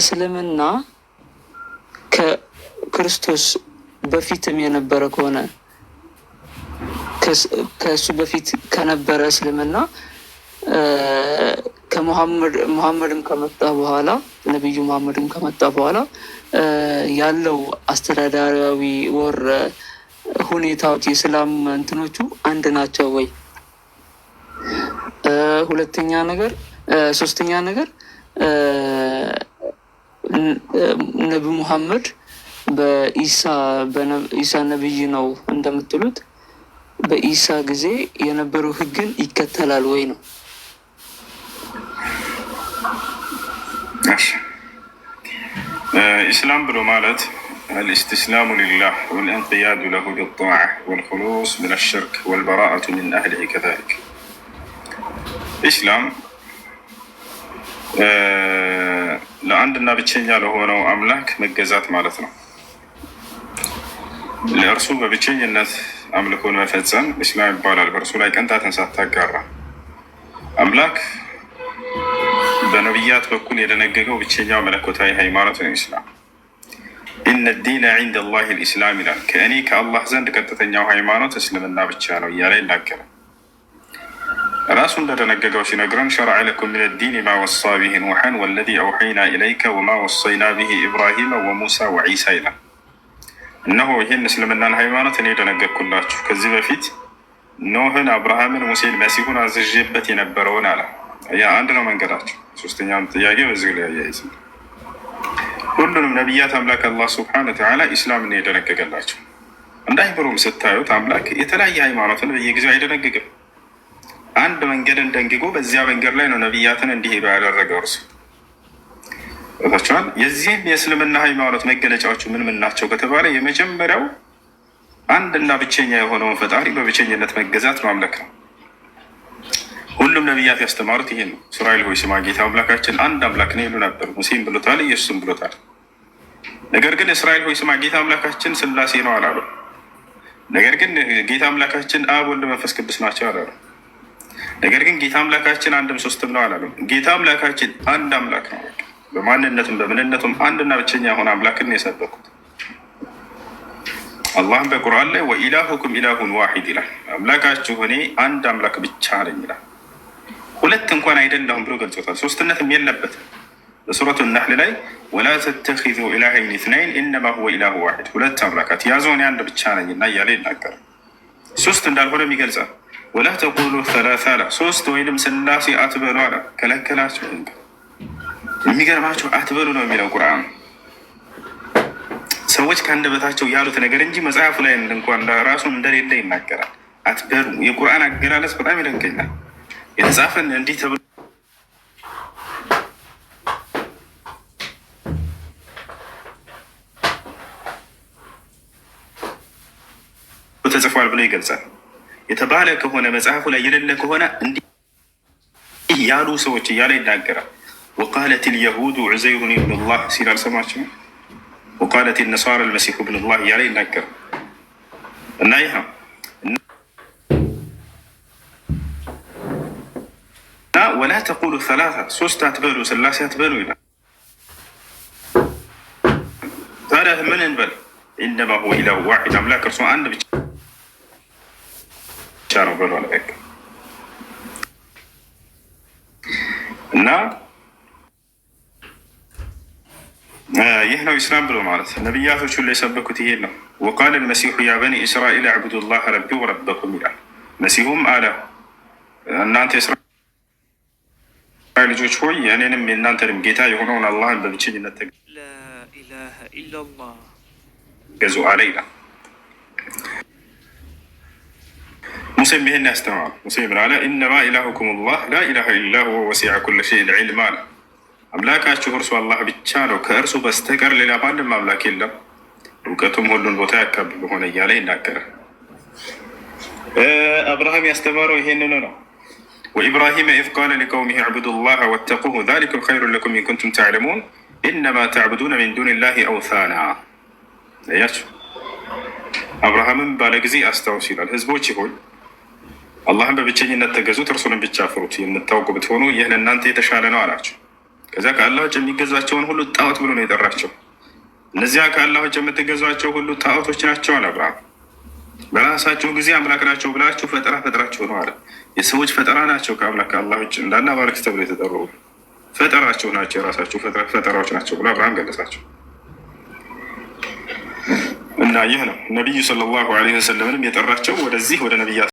እስልምና ከክርስቶስ በፊትም የነበረ ከሆነ ከእሱ በፊት ከነበረ እስልምና ከሙሐመድም ከመጣ በኋላ ነቢዩ ሙሐመድም ከመጣ በኋላ ያለው አስተዳዳሪያዊ ወር ሁኔታዎች የስላም እንትኖቹ አንድ ናቸው ወይ? ሁለተኛ ነገር ሶስተኛ ነገር ነቢ ሙሐመድ በኢሳ ነብይ ነው እንደምትሉት በኢሳ ጊዜ የነበረው ህግን ይከተላል ወይ ነው? ኢስላም ብሎ ማለት አልእስትስላሙ ሊላህ ወልእንቅያዱ ለሁ ቢጣዓ ወልኹሉስ ምን አሽርክ ወልበራአቱ ምን አህሊሂ ከዛሊክ ኢስላም ለአንድና ብቸኛ ለሆነው አምላክ መገዛት ማለት ነው። ለእርሱ በብቸኝነት አምልኮን መፈጸም እስላም ይባላል። በእርሱ ላይ ቀንጣትን ሳታጋራ አምላክ በነቢያት በኩል የደነገገው ብቸኛው መለኮታዊ ሃይማኖት ነው ኢስላም። ኢነ ዲነ ዒንደ ላሂ ልኢስላም ይላል። ከእኔ ከአላህ ዘንድ ቀጥተኛው ሃይማኖት እስልምና ብቻ ነው እያለ ይናገራል። ራሱ እንደደነገገው ሲነግረን ሸረዐ ለኩም ሚነ ዲን ማ ወሳ ብህ ኑሐን ወለዚ አውሐይና ኢለይከ ወማ ወሰይና ብህ ኢብራሂመ ወሙሳ ወዒሳ ይላል። እነሆ ይህን እስልምናን ሃይማኖት እኔ ደነገግኩላችሁ ከዚህ በፊት ኖህን፣ አብርሃምን፣ ሙሴን፣ መሲሁን አዝዤበት የነበረውን አለ። ያ አንድ ነው መንገዳቸው። ሶስተኛውን ጥያቄ በዚሁ ላይ አያይዝ ሁሉንም ነቢያት አምላክ አላህ ስብሐነ ወተዓላ ኢስላም የደነገገላቸው። እንዳይብሩም ስታዩት አምላክ የተለያየ ሃይማኖትን በየጊዜው አይደነግግም። አንድ መንገድን ደንግጎ በዚያ መንገድ ላይ ነው ነቢያትን እንዲሄዱ ያደረገው እርሱ ቦታቸዋል። የዚህም የእስልምና ሃይማኖት መገለጫዎቹ ምን ምን ናቸው ከተባለ የመጀመሪያው አንድና ብቸኛ የሆነውን ፈጣሪ በብቸኝነት መገዛት ማምለክ ነው። ሁሉም ነቢያት ያስተማሩት ይሄ ነው። እስራኤል ሆይ ስማ፣ ጌታ አምላካችን አንድ አምላክ ነው ይሉ ነበር። ሙሴም ብሎታል፣ ኢየሱስም ብሎታል። ነገር ግን እስራኤል ሆይ ስማ፣ ጌታ አምላካችን ስላሴ ነው አላሉ። ነገር ግን ጌታ አምላካችን አብ፣ ወልድ፣ መንፈስ ቅዱስ ናቸው አላሉ። ነገር ግን ጌታ አምላካችን አንድም ሶስትም ነው አላለም። ጌታ አምላካችን አንድ አምላክ ነው። በማንነቱም በምንነቱም አንድና ብቸኛ የሆነ አምላክን የሰበኩት አላህም በቁርአን ላይ ወኢላሁኩም ኢላሁን ዋሂድ ይላል። አምላካችሁ እኔ አንድ አምላክ ብቻ ነኝ ይላል። ሁለት እንኳን አይደለሁም ብሎ ገልጾታል። ሶስትነትም የለበትም። በሱረቱ ነህል ላይ ወላ ተተኪዙ ኢላሀይን ኢትናይን ኢነማ ሁወ ኢላሁ ዋሂድ፣ ሁለት አምላካት ያዞ አንድ ብቻ ነኝ እና እያለ ይናገራል። ሶስት እንዳልሆነም ይገልጻል። ወላ ተቁሉ ሰላሳ አለ ሶስት ወይንም ስላሴ አትበሉ አለ ከለከላቸው። የሚገርማቸው አትበሉ ነው የሚለው ቁርአን። ሰዎች ከአንደበታቸው ያሉት ነገር እንጂ መጽሐፉ ላይ እንኳን ራሱን እንደሌለ ይናገራል። አትበሉ የቁርአን አገላለጽ በጣም ይደንቀኛል። የተጻፈን እንዲህ ተብሎ ተጽፏል ብሎ ይገልጻል። የተባለ ከሆነ መጽሐፉ ላይ የሌለ ከሆነ እንዲህ ያሉ ሰዎች እያለ ይናገራል። ወቃለት ልየሁዱ ዑዘይሩን ብንላህ ሲል አልሰማችም? ወቃለት ነሳራ ልመሲሑ ብንላህ እያለ ይናገራል እና ይህ እና ወላ ተቁሉ ሰላሳ ሶስት አትበሉ ስላሴ አትበሉ ይላል። ታዲያ ምን እንበል? ኢነማ ሁወ ኢላሁ ዋሒድ አምላክ እርሱ አንድ ብቻ ብቻ ነው ብሏል። በቃ እና ይህ ነው ኢስላም ብሎ ማለት ነቢያቶች ሁሉ የሰበኩት ይሄ ነው። ወቃል መሲሑ ያ በኒ እስራኤል አዕቡዱ ላህ ረቢ ወረበኩም ይላል። መሲሁም አለ እናንተ የእስራኤል ልጆች ሆይ የእኔንም የእናንተንም ጌታ የሆነውን አላህን በብቸኝነት ተገዙ አለ ይላል። ሙሴም ይሄን ያስተምራል። ሙሴ ምን አለ? ኢነማ ኢላሁኩም ላህ ላ ኢላሃ ኢላ ሁወ ወሲዐ ኩለ ሸይን ዒልማ አለ። አምላካችሁ እርሱ አላህ ብቻ ነው፣ ከእርሱ በስተቀር ሌላ ማንም አምላክ የለም፣ እውቀቱም ሁሉን ቦታ ያካብ በሆነ እያለ ይናገራል። አብርሃም ያስተማረው ይሄንን ነው። ወኢብራሂም ኢዝ ቃለ ሊቀውሚሂ ዕቡዱ ላህ ወተቁሁ ዛሊኩም ኸይሩን ለኩም ኢን ኩንቱም ተዕለሙን ኢነማ ተዕቡዱነ ሚን ዱን ላህ አውሳና ያቸው አብርሃምም ባለ ጊዜ አስታውስ ይላል ህዝቦች ይሆን አላህን በብቸኝነት ተገዙት፣ እርሱንም ብቻ ፍሩት፣ የምታውቁ ብትሆኑ ይህን እናንተ የተሻለ ነው አላቸው። ከዚያ ከአላህ ውጭ የሚገዛቸውን ሁሉ ጣዖት ብሎ ነው የጠራቸው። እነዚያ ከአላህ ውጭ የምትገዟቸው ሁሉ ጣዖቶች ናቸው አለ አብርሃም። በራሳቸው ጊዜ አምላክ ናቸው ብላችሁ ፈጠራ ፈጥራችሁ ነው አለ። የሰዎች ፈጠራ ናቸው ከአምላክ ከአላህ ውጭ እንዳና ባርክ ተብሎ የተጠሩ ፈጠራቸው ናቸው፣ የራሳቸው ፈጠራዎች ናቸው ብሎ አብርሃም ገለጻቸው። እና ይህ ነው ነቢዩ ሰለላሁ ዐለይሂ ወሰለምንም የጠራቸው ወደዚህ ወደ ነቢያ